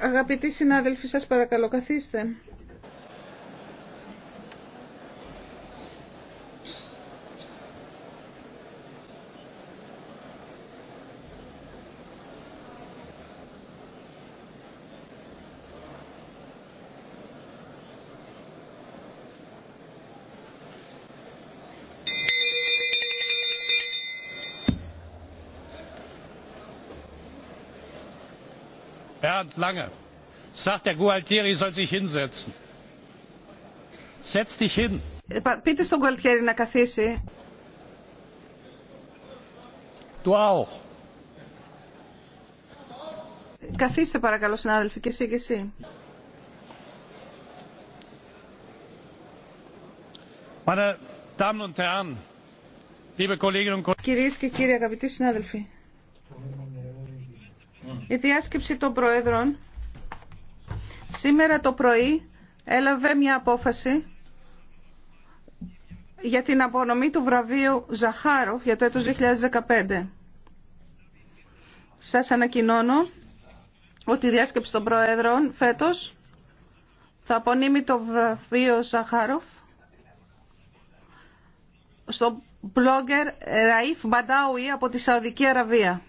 Αγαπητοί συνάδελφοι, σας παρακαλώ καθίστε. bernd lange sagt der gualtieri soll sich hinsetzen. setz dich hin! πείτε στον Γκουαλτιέρη να καθίσει. Du auch. Καθίστε παρακαλώ συνάδελφοι και εσύ και εσύ. Meine Damen und Herren, liebe Kolleginnen und Kollegen. Κυρίες και κύριοι αγαπητοί συνάδελφοι. Η διάσκεψη των Προέδρων σήμερα το πρωί έλαβε μια απόφαση για την απονομή του βραβείου Ζαχάρο για το έτος 2015. Σας ανακοινώνω ότι η διάσκεψη των Προέδρων φέτος θα απονείμει το βραβείο Ζαχάροφ στο blogger Ραΐφ Μπαντάουι από τη Σαουδική Αραβία.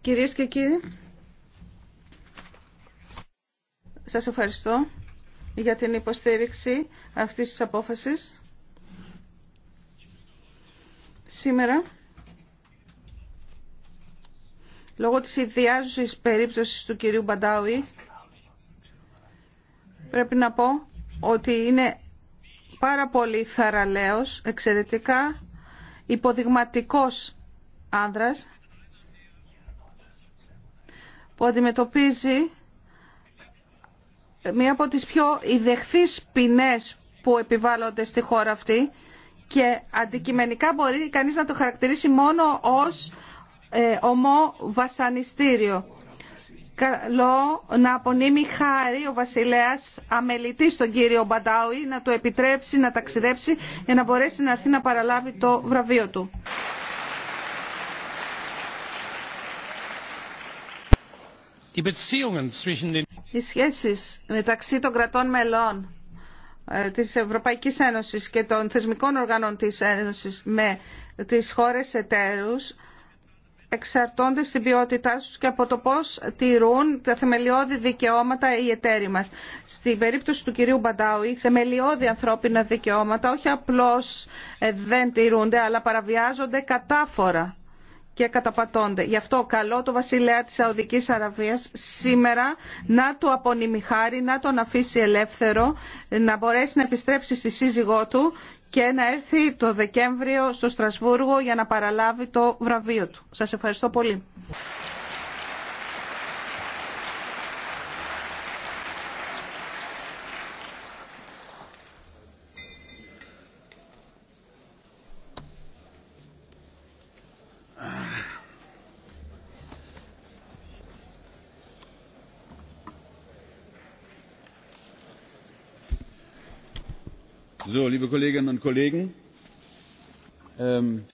Κυρίες και κύριοι, σας ευχαριστώ για την υποστήριξη αυτής της απόφασης. Σήμερα, λόγω της ιδιάζουσης περίπτωσης του κυρίου Μπαντάουι, πρέπει να πω ότι είναι πάρα πολύ θαραλέος, εξαιρετικά υποδειγματικός άνδρας που αντιμετωπίζει μία από τις πιο ιδεχθείς πινές που επιβάλλονται στη χώρα αυτή και αντικειμενικά μπορεί κανείς να το χαρακτηρίσει μόνο ως ε, ομό βασανιστήριο. Καλό να απονείμει χάρη ο βασιλέας αμελητή τον κύριο Μπαντάουι να το επιτρέψει να ταξιδέψει για να μπορέσει να έρθει να παραλάβει το βραβείο του. Οι σχέσει μεταξύ των κρατών μελών ε, της Ευρωπαϊκής Ένωση και των θεσμικών οργάνων της Ένωση με τις χώρες ετέρους εξαρτώνται στην ποιότητά τους και από το πώς τηρούν τα θεμελιώδη δικαιώματα οι εταίροι μας. Στην περίπτωση του κυρίου οι θεμελιώδη ανθρώπινα δικαιώματα όχι απλώς ε, δεν τηρούνται, αλλά παραβιάζονται κατάφορα και καταπατώνται. Γι' αυτό καλό το βασιλέα της Σαουδικής Αραβίας σήμερα να του απονημιχάρει, να τον αφήσει ελεύθερο, να μπορέσει να επιστρέψει στη σύζυγό του και να έρθει το Δεκέμβριο στο Στρασβούργο για να παραλάβει το βραβείο του. Σας ευχαριστώ πολύ. So, ähm,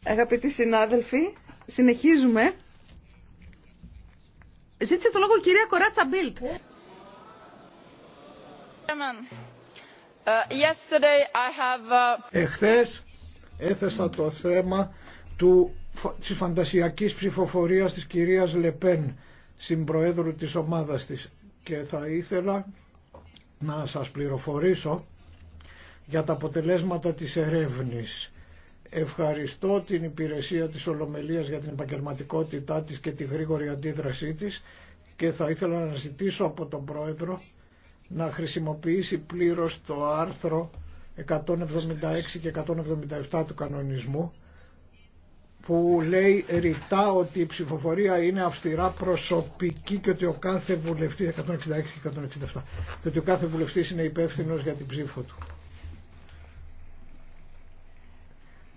Αγαπητοί συνάδελφοι, συνεχίζουμε. Ζήτησε το λόγο η κυρία Κοράτσα Μπίλτ. Uh, uh, Εχθές έθεσα το θέμα του, της φαντασιακής ψηφοφορίας της κυρίας Λεπέν, συμπροέδρου της ομάδας της. Και θα ήθελα να σας πληροφορήσω για τα αποτελέσματα της ερεύνης. Ευχαριστώ την υπηρεσία της Ολομελίας για την επαγγελματικότητά της και τη γρήγορη αντίδρασή της και θα ήθελα να ζητήσω από τον Πρόεδρο να χρησιμοποιήσει πλήρως το άρθρο 176 και 177 του κανονισμού που λέει ρητά ότι η ψηφοφορία είναι αυστηρά προσωπική και ότι ο κάθε βουλευτής 166 και 167 και ότι ο κάθε βουλευτής είναι υπεύθυνος για την ψήφο του.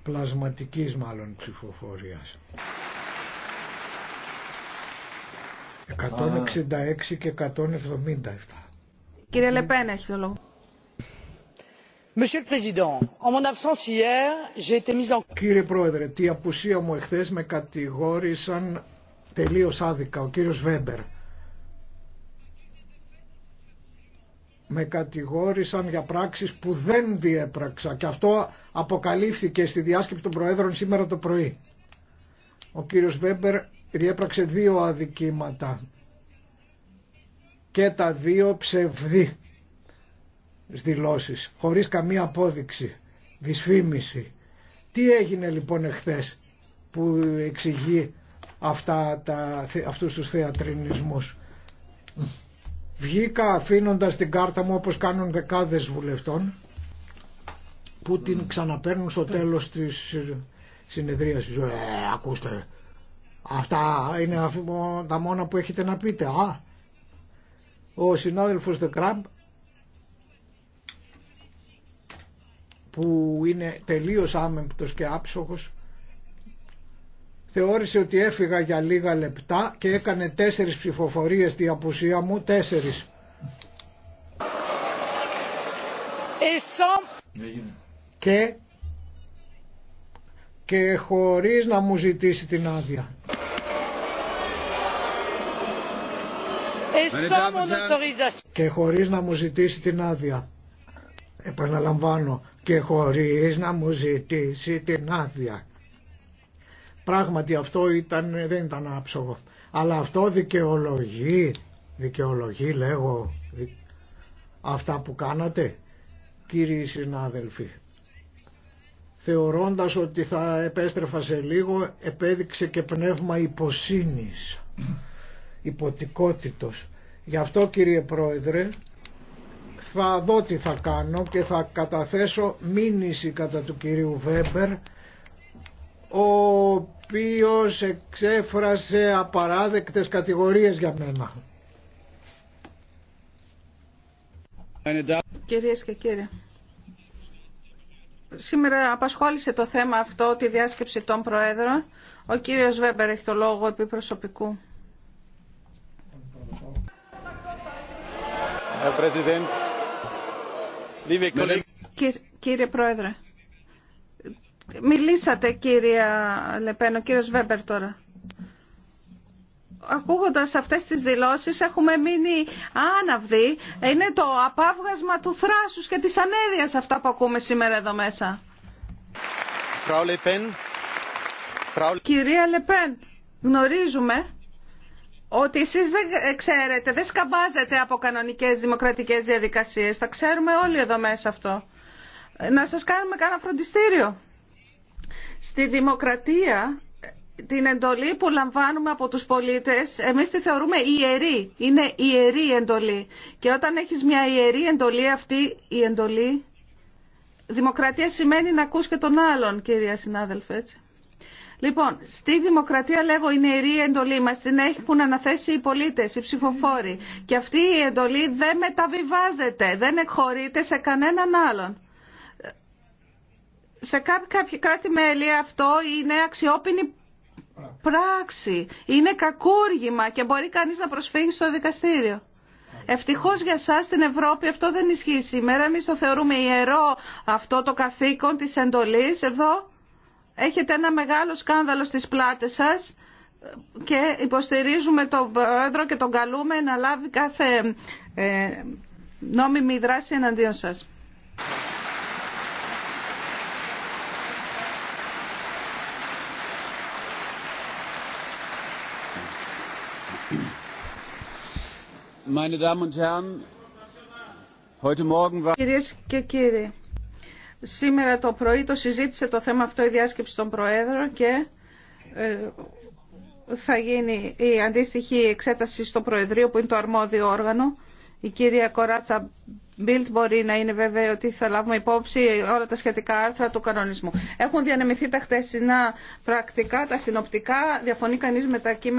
πλασματικής μάλλον ψηφοφορίας. 166 και 177. Κύριε Λεπέν, έχει το λόγο. Κύριε Πρόεδρε, τη απουσία μου εχθές με κατηγόρησαν τελείως άδικα ο κύριος Βέμπερ με κατηγόρησαν για πράξεις που δεν διέπραξα και αυτό αποκαλύφθηκε στη διάσκεψη των Προέδρων σήμερα το πρωί. Ο κύριος Βέμπερ διέπραξε δύο αδικήματα και τα δύο ψευδή δηλώσεις, χωρίς καμία απόδειξη, δυσφήμιση. Τι έγινε λοιπόν εχθές που εξηγεί αυτά τα, αυτούς τους θεατρινισμούς. Βγήκα αφήνοντας την κάρτα μου όπως κάνουν δεκάδες βουλευτών που την ξαναπαίρνουν στο τέλος της συνεδρίασης. Ε, ακούστε, αυτά είναι τα μόνα που έχετε να πείτε. Α, ο συνάδελφος Δεκράμπ που είναι τελείως άμεμπτος και άψογος θεώρησε ότι έφυγα για λίγα λεπτά και έκανε τέσσερις ψηφοφορίες στη απουσία μου, τέσσερις. Και, και χωρίς να μου ζητήσει την άδεια. Και χωρίς να μου ζητήσει την άδεια. Επαναλαμβάνω, και χωρίς να μου ζητήσει την άδεια. Πράγματι αυτό ήταν, δεν ήταν άψογο. Αλλά αυτό δικαιολογεί, δικαιολογεί λέγω, αυτά που κάνατε, κύριοι συνάδελφοι. Θεωρώντας ότι θα επέστρεφα σε λίγο, επέδειξε και πνεύμα υποσύνης, υποτικότητος. Γι' αυτό κύριε Πρόεδρε, θα δω τι θα κάνω και θα καταθέσω μήνυση κατά του κυρίου Βέμπερ, ο οποίος εξέφρασε απαράδεκτες κατηγορίες για μένα. Κυρίες και κύριοι, σήμερα απασχόλησε το θέμα αυτό τη διάσκεψη των Προέδρων. Ο κύριος Βέμπερ έχει το λόγο επί προσωπικού. Κύριε Πρόεδρε, Μιλήσατε κυρία ο κύριος Βέμπερ τώρα. Ακούγοντας αυτές τις δηλώσεις έχουμε μείνει άναυδοι. Είναι το απάβγασμα του θράσους και της ανέδειας αυτά που ακούμε σήμερα εδώ μέσα. Κυρία Λεπέν, γνωρίζουμε ότι εσείς δεν ξέρετε, δεν σκαμπάζετε από κανονικές δημοκρατικές διαδικασίες. Τα ξέρουμε όλοι εδώ μέσα αυτό. Να σας κάνουμε κάνα φροντιστήριο. Στη δημοκρατία την εντολή που λαμβάνουμε από τους πολίτες, εμείς τη θεωρούμε ιερή. Είναι ιερή εντολή. Και όταν έχεις μια ιερή εντολή, αυτή η εντολή, δημοκρατία σημαίνει να ακούς και τον άλλον, κυρία συνάδελφε, Λοιπόν, στη δημοκρατία λέγω είναι ιερή εντολή μας, την έχουν αναθέσει οι πολίτες, οι ψηφοφόροι. Και αυτή η εντολή δεν μεταβιβάζεται, δεν εκχωρείται σε κανέναν άλλον σε κάποια κράτη-μέλη αυτό είναι αξιόπινη πράξη. Είναι κακούργημα και μπορεί κανείς να προσφύγει στο δικαστήριο. Ευτυχώς για εσά, στην Ευρώπη αυτό δεν ισχύει σήμερα. εμεί το θεωρούμε ιερό αυτό το καθήκον της εντολής. Εδώ έχετε ένα μεγάλο σκάνδαλο στις πλάτες σας και υποστηρίζουμε τον Πρόεδρο και τον καλούμε να λάβει κάθε ε, νόμιμη δράση εναντίον σας. Meine Damen und Herren, heute Morgen war... Κυρίες και κύριοι, σήμερα το πρωί το συζήτησε το θέμα αυτό η διάσκεψη των Προέδρων και ε, θα γίνει η αντίστοιχη εξέταση στο Προεδρείο που είναι το αρμόδιο όργανο. Η κυρία Κοράτσα Μπίλτ μπορεί να είναι βέβαια ότι θα λάβουμε υπόψη όλα τα σχετικά άρθρα του κανονισμού. Έχουν διανεμηθεί τα χτεσινά πρακτικά, τα συνοπτικά. Διαφωνεί κανεί με τα κείμενα.